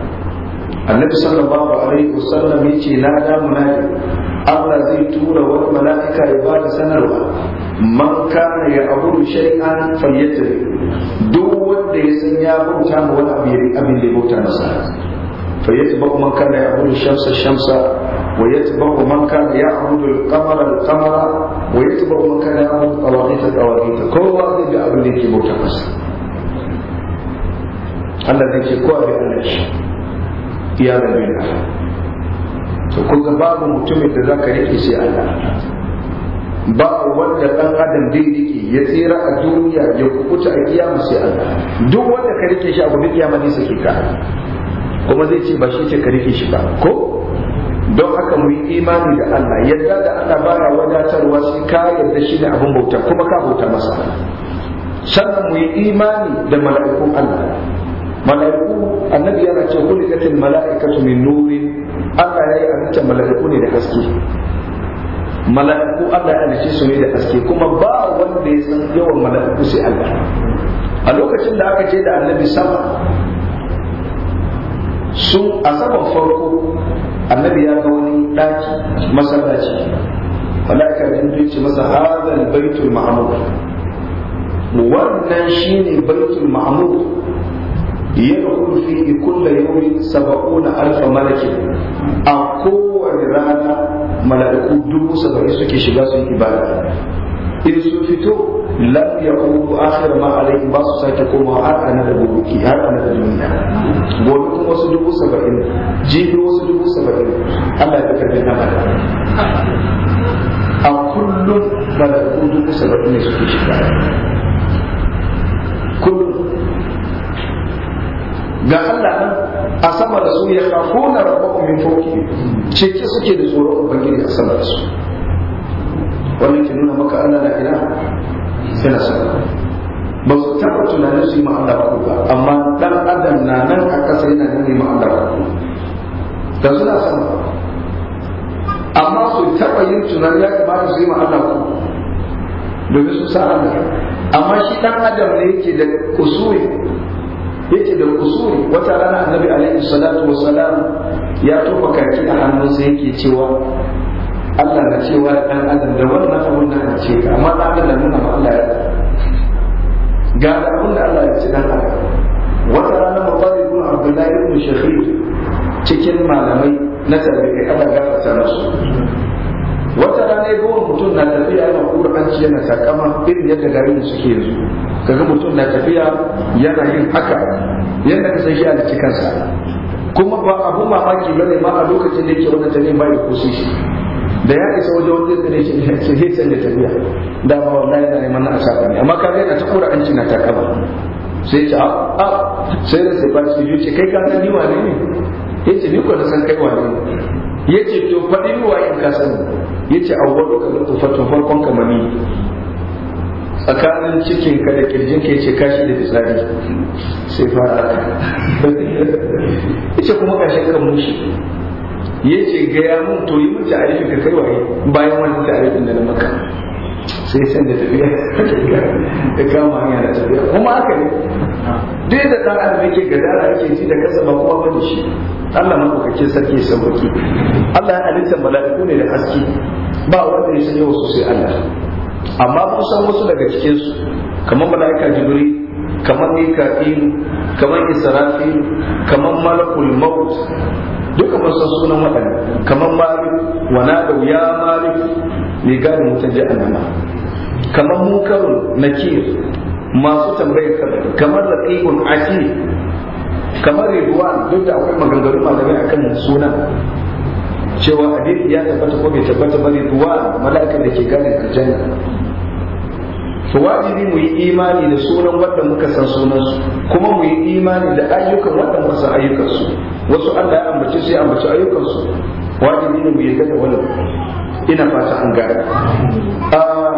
annabi sallallahu alaihi wasallam ya ce na da munadi Allah zai tura wani mala'ika ya ba da sanarwa man kana ya abudu shay'an fayyatri duk wanda ya san ya bauta ma wani abu abin da ya bauta masa fayyatba man kana ya abudu shamsa shamsa wa yatba man kana ya abudu al-qamar al-qamar wa yatba man kana ya abudu al-qawaqit al-qawaqit kowa zai ga da yake bauta masa Allah zai ce kowa da shi ya rabbi Allah to babu mutumin da zaka rike shi Allah ba wanda dan adam zai rike ya tsira a duniya ya kukuta a kiyama sai Allah duk wanda ka rike shi a gobe kiyama ne sai ka kuma zai ce ba shi ce ka rike shi ba ko don haka mu yi imani da Allah yadda da Allah baya wadatarwa sai ka yadda shi ne abin bauta kuma ka bauta masa sannan mu yi imani da mala'ikun Allah mala'iku annabi yana ce katil mala'ikatu min nurin Allah ya yi halitta mala'iku ne da haske mala'iku Allah ya halice su ne da haske kuma ba wanda ya san yawan mala'iku sai Allah a lokacin da aka je da annabi sama su a saman farko annabi ya ga wani ɗaki masallaci mala'ika jin ce masa hadal baitul ma'mur wannan shine baitul ma'mur yadkhulu fihi kullu yawmin 70 alf malaki a kowane rana mala'iku dubu saba'in suke shiga su yi ibada in sun fito lam yaqutu akhir ma alayhi ba su sake komawa har ana da gobe har ana da duniya gobe kuma wasu dubu saba'in jibi wasu dubu saba'in Allah ya karbi na a kullum mala'iku dubu saba'in ne suke shiga kullum ga Allah nan a sama da su ya kafuna rabbakum min foki cike suke da tsoron ubangiji a sama da su wannan ke nuna maka Allah na ina na sama ba su taɓa tunanin su yi ma'anda ba ba amma dan adam na nan a ƙasa yana nan yi ma Allah ba da suna sama amma su taɓa yin tunanin ya kamata su yi ma'anda Allah ba domin su sa Allah amma shi dan adam ne yake da kusuri yake da usul wata rana annabi alaihi salatu wassalam ya tofa kaki a hannunsa yake cewa Allah na cewa dan adam da wannan abun da aka ce amma dan adam da nuna Allah ya ga abun da Allah ya ce dan adam wata rana mutari ibn abdullahi ibn shahid cikin malamai na tabi'i Allah ya gafarta musu wata rana ya gowar mutum na tafiya yana ƙur'anci yana takama irin yadda garin suke yanzu kaga mutum na tafiya yana yin haka yadda ka san shi a kuma ba abu mamaki ne ma a lokacin da yake wannan tafiya ba ya kusi shi da ya isa wajen wanda zai shi ne sai sai da tafiya da ma wanda yana neman a saka ne amma kaga yana ta ƙur'anci na takama sai ce a ah, ah. sai da sai ba su yi kai ka san ni wane ne ce ni ko na san kai wane ne ce to faɗi ni wa in ka sani yace awwalu ka lutu fatun farkon ka mami tsakanin cikin ka da kirjin ka yace kashi da fitsari sai fara yace kuma kashi ka mushi yace ga ya mun to yi mun ta'arifin ka kai waye bayan wannan ta'arifin da na maka sai da tafiya da kama hanya da tafiya kuma aka ne duk da ɗan adam yake gadara yake ji da kasa ba kuma bane shi Allah madaukakin sarki ya sauki Allah ya alinta mala'iku ne da haske ba wanda ya sanya wasu sai Allah amma mun san wasu daga cikin su kamar mala'ika jibril kamar mika'ilu kamar israfilu kamar malakul maut duka mun san sunan waɗanda kamar malik wana da ya malik mai gadin ji annama kamar munkarun nakir masu tambayar kamar laqiqun asir kamar ridwan duk da akwai maganganu malamai akan sunan cewa hadisi ya tabbata ko bai tabbata ba rebuwa mala'ikan da ke gadin aljanna to wajibi mu yi imani da sunan wanda muka san sunansu kuma mu yi imani da ayyukan wanda muka san ayyukansu wasu Allah ya ambaci sai ambaci ambace ayyukansu wajibi ne mu yarda da wannan ina fata an gane ah,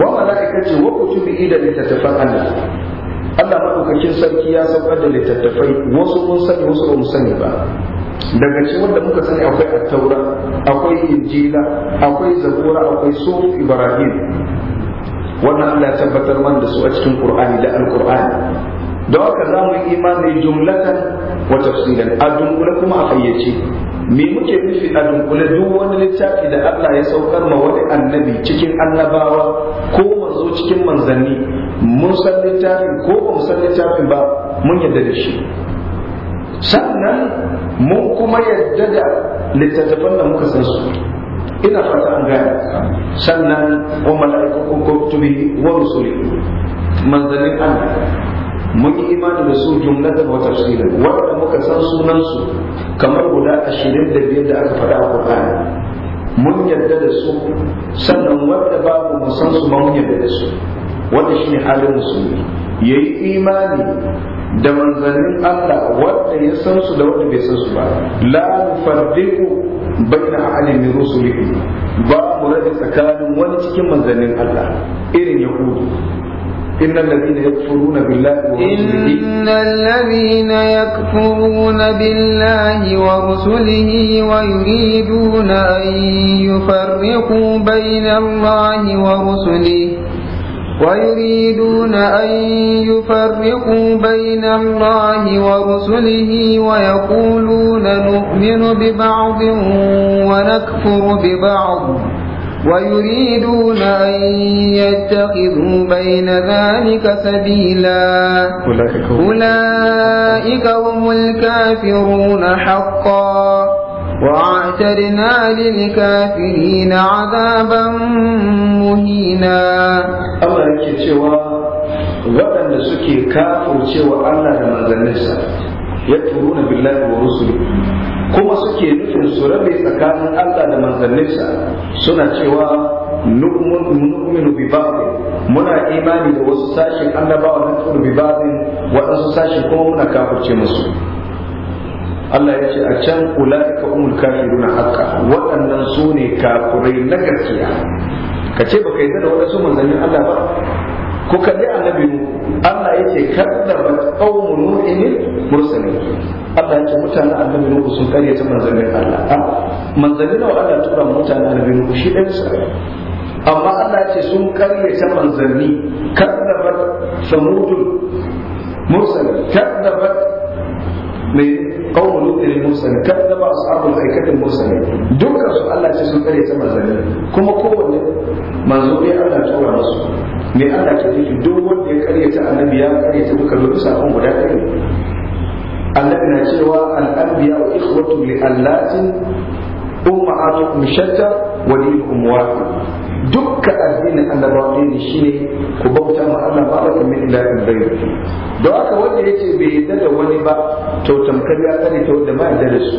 wa malaikati wa kutubi da littattafan Allah Allah madaukakin sarki ya saukar da littattafai wasu mun sani wasu ba mu sani ba daga cikin wanda muka sani akwai attaura akwai injila akwai zabura akwai suf ibrahim wannan Allah ya tabbatar man da su a cikin qur'ani da alqur'ani don haka za mu yi imani jumlatan wa tafsilan a dunkule kuma a fayyace me muke nufi a dunkule duk wani littafi da Allah ya saukar ma wani annabi cikin annabawa ko manzo cikin manzanni mun san littafin ko ba mu san littafin ba mun yadda da shi sannan mun kuma yadda da littattafan da muka san su ina fata an gane sannan wa mala'ikatu kutubi wa rusuli manzanni Allah mun yi imani da su jumlatan wa tafsilan wanda muka san sunansu kamar guda ashirin da biyar da aka faɗa a Qur'ani mun yadda da su sannan wanda babu mu san su mun yadda da su wanda shine halin musulmi yayi imani da manzannin Allah wanda ya san su da wanda bai san su ba la nufarriqu baina ahadin min rusulihi ba mu rage tsakanin wani cikin manzannin Allah irin yahudu إن الذين يكفرون بالله ورسله إن الذين يكفرون بالله ورسله ويريدون أن يفرقوا بين الله ورسله ويريدون أن يفرقوا بين الله ورسله ويقولون نؤمن ببعض ونكفر ببعض ويريدون أن يتخذوا بين ذلك سبيلا أولئك هم الكافرون حقا وأعتدنا للكافرين عذابا مهينا الله يكي cewa waɗanda suke kafurcewa Allah da manzanninsa yakfuruna billahi wa rusulihi kuma suke nufin su rabe tsakanin Allah da manzanninsa suna cewa nu'minu bi ba'din muna imani da wasu sashin annabawa na tsoro bi ba'din waɗansu sashin kuma muna kafirce musu Allah ya ce a can ula'ika umul kafiruna haqqa waɗannan su ne kafirai na gaskiya ka ce baka yi da waɗansu manzannin Allah ba ku kalli annabi Allah ya ce kaddar qaumun nuhin mursalin Allah ya ce mutanen annabi nuhu sun kare ta manzalin Allah ah, manzalin wa Allah tura mutanen annabi nuhu shi ɗan sa amma Allah ya ce sun kare ta manzanni kaddar samudul mursalin kaddar mai قوم لوط المرسل كذب اصحاب الايكه المرسل دكان su Allah ce sun kare ta manzanni kuma kowanne manzo ne Allah tura musu me Allah ke nufi duk ya kare ta annabi ya kare ta duka duk sakon guda ɗaya ne annabi na cewa al-anbiya wa ikhwatu li dukkan addinin annabawa ne shi ne ku bauta ma Allah ba da kamar ila kan bai don haka wanda yace bai yadda da wani ba to tamkar ya kare to da ma yadda da su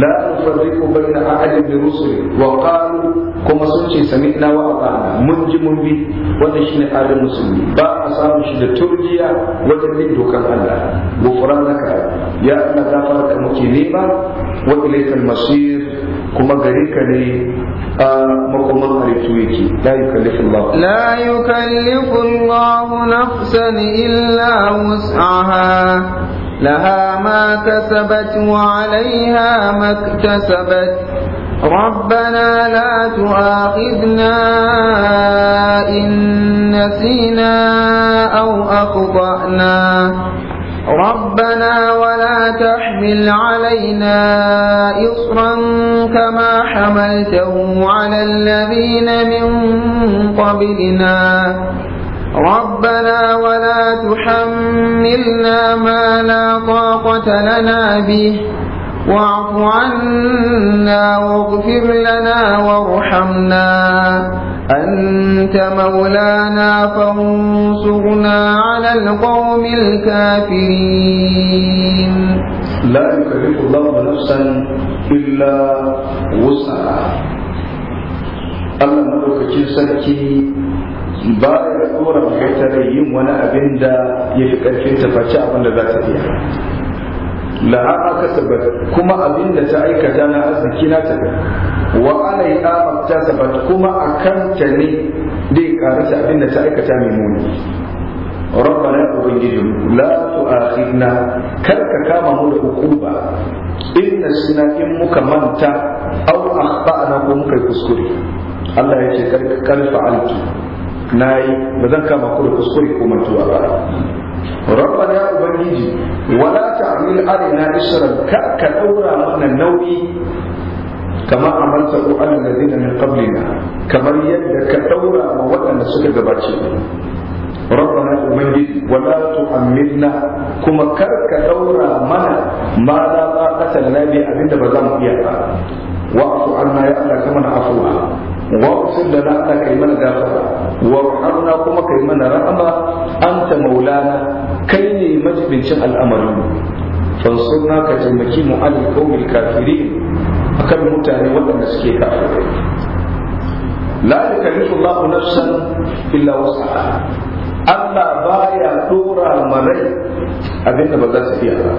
la nufarriqu baina ahadin min rusuli wa qalu kuma sun ce sami'na wa ata'na mun ji mun bi wannan shine kare musulmi ba a samu shi da turjiya wajen yin dokar Allah gufran naka ya Allah gafarta muke ne ba wa ilaikal masir kuma gare ka ne آه، مقوم الله لتويكي لا يكلف الله لا يكلف الله نفسا إلا وسعها لها ما كسبت وعليها ما اكتسبت ربنا لا تؤاخذنا إن نسينا أو أخطأنا ربنا ولا تحمل علينا إصرا كما حملته على الذين من قبلنا ربنا ولا تحملنا ما لا طاقة لنا به واعف عنا واغفر لنا وارحمنا أنت مولانا فانصرنا على القوم الكافرين لا يكلف الله نفسا إلا وسعها Allah maɗaukakin sarki ba ya tsora makaita da yin wani abin da ya fi ƙarfin tafaci abin da za ta iya. La'a aka sabat kuma abin da ta aikata na arziki na ta wa alai ta kuma ne dai karanta abin da ta aikata mai muni. rabbana ubangijin la tu'akhidna kar ka kama mu da hukuma in nasina in muka manta aw akhtana ko muka kuskure Allah ya ce kar karfa alki nayi ba zan kama ku da kuskure ko mantuwa ba rabbana ya ubangiji wala ta'mil alaina isran ka ka ɗaura mana nauyi kama amalta ku alal ladina min qablina kamar yadda ka ɗaura wa waɗanda suka gabace rabbana ubangiji wala tu'ammilna kuma kar ka daura mana ma za ba kasal nabi abinda ba za mu iya ba wa'fu anna ya Allah kama na afuwa wa'fu da na Allah kai mana gafara warhamna kuma kai mana rahama anta maulana kai ne majibincin al'amarin fansurna ka taimaki mu alil akan mutane waɗanda suke kafirai la yukallifu Allahu nafsan illa Allah baya tura marai abinda ba za su iya ba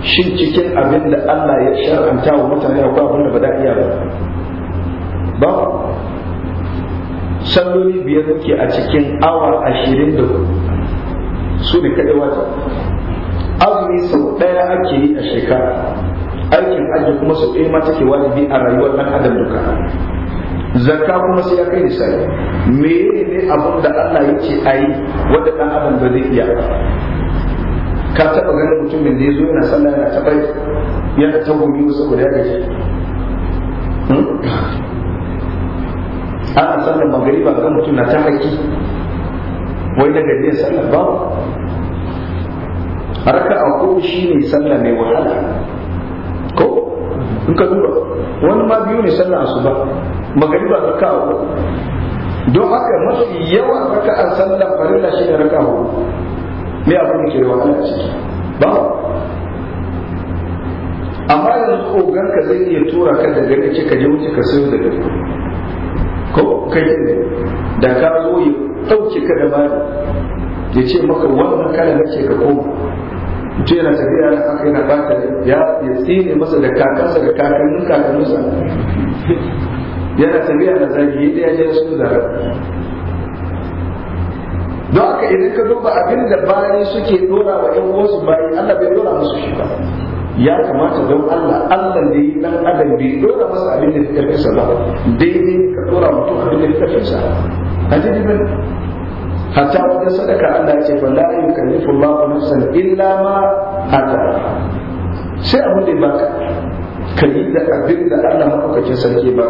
shin cikin abinda Allah ya shar'anta wa mutane akwai abinda ba za iya ba ba salloli biyar ke a cikin awa ashirin da ku. su da kaɗe wata azumi sau ɗaya ake yi a shekara aikin aji kuma su ɗaya ma take wajibi a rayuwar ɗan adam duka zakka kuma sai ya kai nisabi ne abin da Allah yake yi wanda dan adam ba zai iya ka taba ganin mutumin da yazo yana sallah yana taɓa yana ta gumi saboda da gaji ana sallar ba ga mutum na ta haki wai daga ne sallar ba raka a ko shi ne sallah mai wahala ko in ka duba wani ma biyu ne sallar asuba magariba raka uku don haka mafi yawan raka a sallar farilla shi ne raka uku me abu ne ke da wahala ciki ba amma yanzu ogan ka zai iya tura ka daga gari ce ka je wuce ka sayo da gari ko kai ne da ka zo ya ɗauke ka da bani ya ce maka wannan kana na ce ka koma mutum yana tafiya na haka yana bata ya ya tsine masa da kakansa da kakannin kakanninsa yana tafiya na zagi ya ɗaya ya su zara don haka idan ka duba abin da bayi suke dora wa ƴan wasu bayi Allah bai dora musu shi ba ya kamata don Allah Allah da yi dan adam bai dora masa abin da ya karfi sa ba daidai ka dora mutum abin da ya karfi sa a jirgin hatta wajen sadaka Allah ya ce fa la yukallifu Allahu nafsan illa ma ata sai abin da baka ka yi da abin da Allah maɗaukakin sarki ba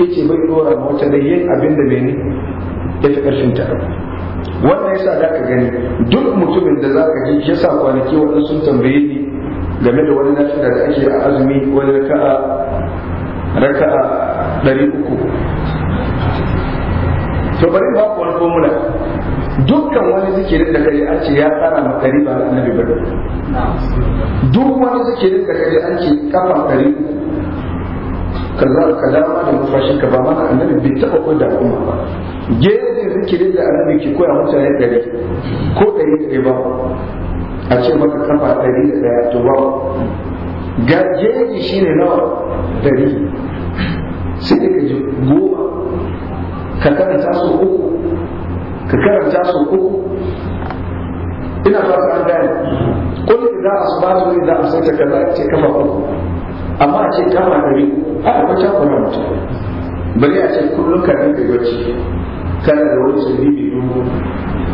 yace bai dora mota da yin abin da bai ne ya fi ƙarfin ta wannan yasa za ka gani duk mutumin da za ka ji yasa kwanaki wani sun tambaye ni game da wani nafila da ake a azumi wani raka'a raka'a ɗari uku to bari ba ku wani formula dukkan wani zikirin da kai an ce ya tsara maka riba annabi bada duk wani zikirin da kai an ce kafa kari kaza ka ma da mafashin ka ba mana annabi bai taba koyar da al'umma ba gerin zikirin da annabi ke koya mutane dare ko ɗari ɗaya ba a ce maka kafa ɗari da daya to ba ga shi shine nawa ɗari sai ka ji goma ka karanta taso uku ka karanta su uku ina fata an ba su ne asbatu idza amsayta kaza ce kama ku amma a ce kama dari a ta kuma mutu bari a ce kullum ka rinka bacci kana da wani bi dubu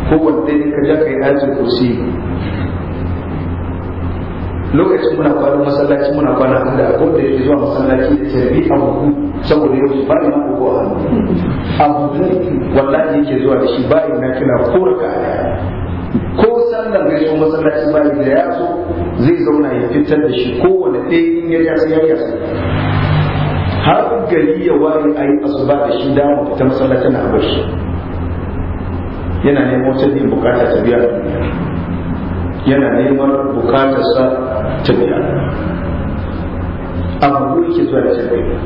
ko wanda ka ja kai hajji kursi lokacin muna kwana masallaci muna kwana inda a abu da yake zuwa masallaci da tarbi abu saboda yau su bayan mako ko hannu abu wallahi yake zuwa da shi bayan na kina ko raka ko sallar bai so masallaci bayan da ya so zai zauna ya fitar da shi wani ɗaya in ya kasa ya kasa har gari ya wari a yi asuba da shi dama fita masallaci na habar shi yana neman wata biyan bukata ta biya yana neman bukatarsa tafiya abu yake zuwa da tafiya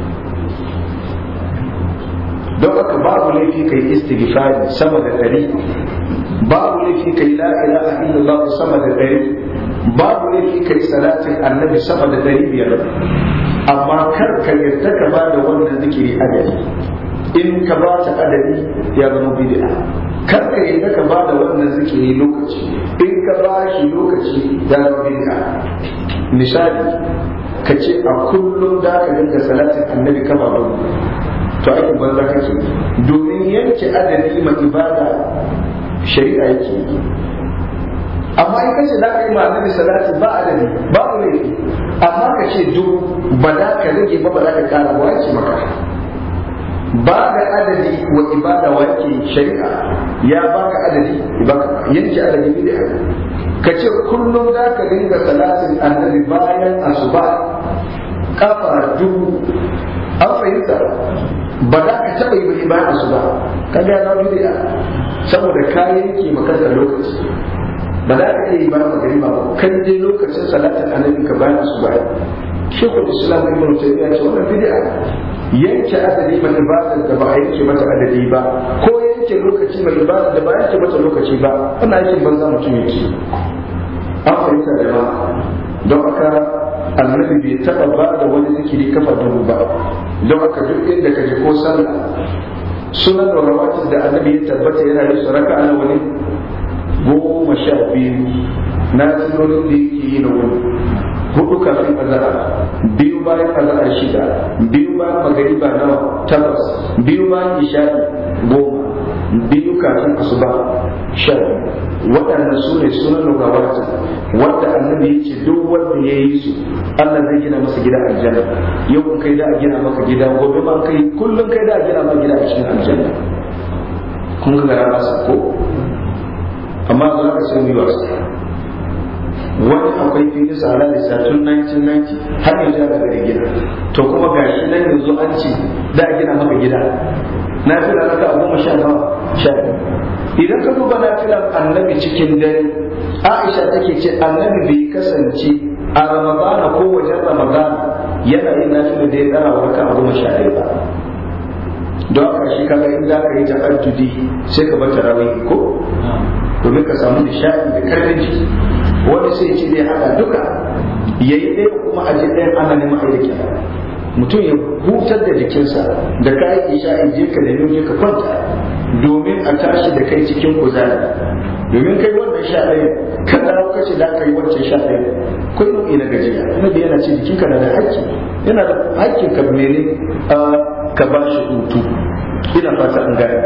don haka babu laifi kai istighfari sama da dari babu laifi kai la ilaha illallah sama da dari babu laifi kai salatin annabi sama da dari biyar amma kar ka yarda ka ba da wannan zikiri adadi in ka ba ta adadi ya zama bid'a kar ka yarda ka ba da wannan zikiri lokaci in ka ba shi lokaci ya zama bid'a misali ka ce a kullum za ka dinga salatin annabi kafa to ake banza kake domin yanke adadi ma ibada shari'a yake amma in kace za ka yi annabi salati ba adadi ba ne amma ka ce duk ba za ka rage ba ba za ka kara ba ce maka ba ga adadi wa ibada wanke shari'a ya ba ka adadi yanke adadi ne ka ce kullum za ka dinga salatin annabi bayan asuba kafa duhu an fahimta ba za ka taɓa yi ba su asuba ka ga na bid'a saboda ka ke makasar lokaci ba za ka iya yi bayan gari ba kan je lokacin salatin annabi ka bayan asuba shekul islam ibn ya ce wannan bid'a yanke adadi mai libasar da ba a yanke mata adadi ba ko yanke lokaci mai libasar da ba a yanke mata lokaci ba ana ban banza mutum yake an fahimta da ba don haka annabi bai taɓa ba da wani zikiri kafa dubu ba don haka duk inda ka je ko sallah sunan rawatis da annabi ya tabbata yana da su ana wani goma sha biyu na sunonin da yake yi na wani hudu kafin azara biyu bayan azara shida biyu bayan magariba nawa takwas biyu bayan isha'i goma biyu kafin asuba sha waɗannan su ne sunan wata wanda annabi ya ce duk wanda ya yi su Allah zai gina masa gida aljanna yau kai da a gina maka gida gobe ma kai kullum kai da a gina maka gida a cikin aljanna kun ga gara ko amma za ka sun mu yi wasa wani akwai filin sahara da satun 1990 har yanzu yana da gida to kuma ga shi nan yanzu an ce da a gina maka gida na fi lalata a goma sha nawa sha idan ka duba na fi annabi cikin dare aisha take ce annabi bai kasance a ramadana ko wajen ramadana yana yin nafi da ya tsara warka a goma sha ɗaya ba don haka shi kaga in za ka yi ta'addudi sai ka bar tarawih ko domin ka samu nishaɗi da karfin jiki wani sai ce zai haka duka ya yi ɗaya kuma a ji ɗayan ana neman aiki mutum ya hutar da jikinsa da kayan isha in je ka nemi ka kwanta domin a tashi da kai cikin kuzari domin kai wannan sha ɗaya ka dawo kace da kai wancan sha ɗaya kullum ina gajiya kuma da yana ce jikinka na da haƙƙi yana da haƙƙin ka mene ah, ka ba shi hutu ina fata an gane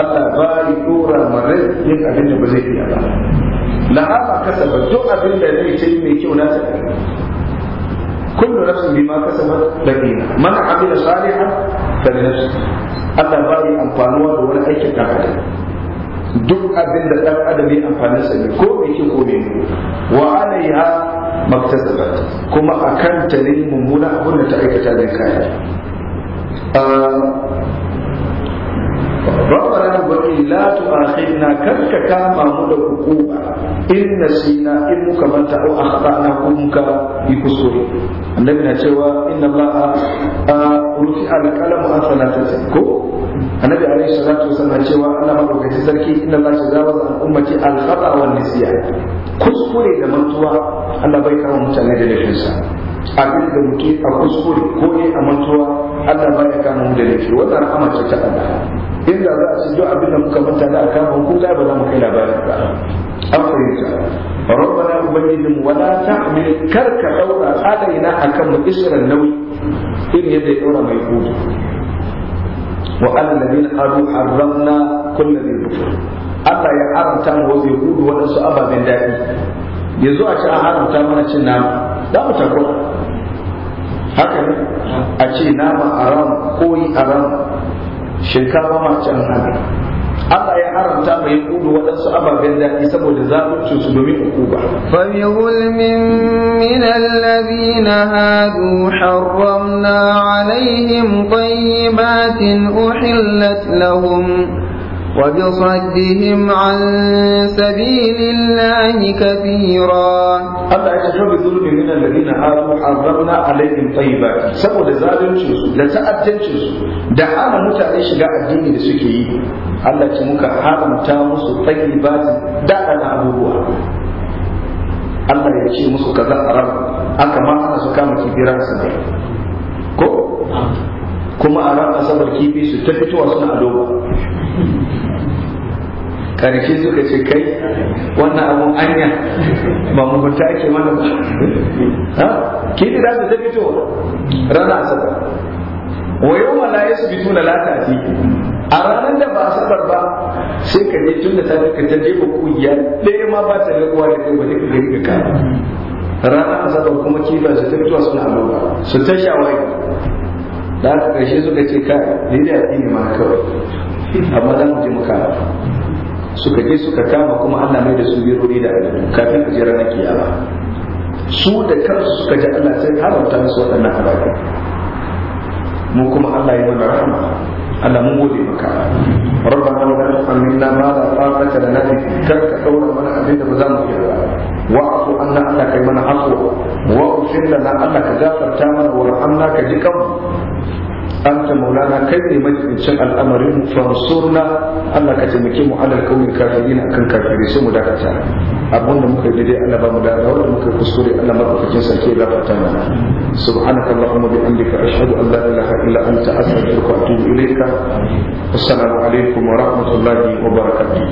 Allah ba ya dora marar yin abin da ba zai iya ba la'aba kasaba duk abin da zai ce mai kyau na sani kullu nafsin ma kasabat daqina man amila salihan nafsi Allah ba yi amfani wa wani aikin da adam duk abin da dan adam ya amfani sa ne ko mai kyau ko mai wa alaiha maktasaba kuma akan ta ne mummuna abin da ta aikata da kai rabbana ubangiji la tu'akhidna karka kama mu da hukuma in nasina in muka manta au akhtana ko muka yi kuskure annabi na cewa inna allaha rufi alqalamu an salatatin ko annabi alaihi salatu wasallam cewa Allah madaukaki sarki inna allaha tazawaza an ummati al-khata wa nisyan kuskure da mantuwa ana bai kama mutane da laifinsa abin da muke a kuskure ko ne a mantuwa Allah ba ya kama mu da laifi wannan rahama ce ta Allah inda za a ci duk abin da muka manta da aka mu kun ba za mu kai labarin ba an fahimta rabbana ubangijin la ta'mil karka daura alaina akan mu isran nauyi In yadda ya daura mai kudu wa الذين qalu حرمنا kullu ذي ذكر Allah ya haramta mu wasu yahudu wadansu ababen daɗi yanzu a ci an haramta mana cin nama za mu takura haka ne a ce nama aram koyi aram shinkafa ma can haka Allah ya haramta mai kudu waɗansu ababen daɗi saboda zalunci su domin hukuma. Fami zulmin min na hadu harramna alaihim batin uhillat lahum وبصدهم عن سبيل الله كثيرا Allah ya tafi zulmi min alladhina amanu harramna alaihim tayyibat saboda zalunci su da ta'addanci su da hana mutane shiga addini da suke yi Allah ya muka haramta musu da Allah ya ce musu kaza haram aka ma ana su kama kibiran su ne ko kuma a ran asabar kifi su ta fitowa suna adoba karshe suka ce kai wannan abun anya ba mu mutu ake mana ba ha kidi da zai ta fito rana asabar wa yau ma la su fito na latati? a ranar da ba asabar ba sai ka ne tun da safe ka ta jefa kugiya ɗaya ma ba ta rikuwa da kai ba ka gari ka ranar asabar kuma ba su ta fito suna ba su ta shawari da aka karshe suka ce ka ni da ne ma kawai amma za mu mu suka je suka kama kuma Allah mai da su birori da alamu kafin a jira na kiyama su da kansu suka ji Allah sai haramta musu waɗannan halaku mu kuma Allah ya mana rahama Allah mun gode maka rabbana la tu'minna ma la da na fi karka qawla mana abin da mu yi ba wa an na Allah kai mana hakku wa ufinna Allah ka gafarta mana wa na ka ji kanmu anta maulana kai ne majibincin al'amarin fansurna Allah ka taimake mu alal kaumin kafirin akan kafirai sai mu dakata abin da muka yi daidai Allah ba mu da wanda muka yi kuskure Allah madaukakin sarki ya gafarta mana subhanaka allahumma bi amdika ashhadu an la ilaha illa anta astaghfiruka wa atubu ilayka assalamu alaikum wa rahmatullahi wa barakatuh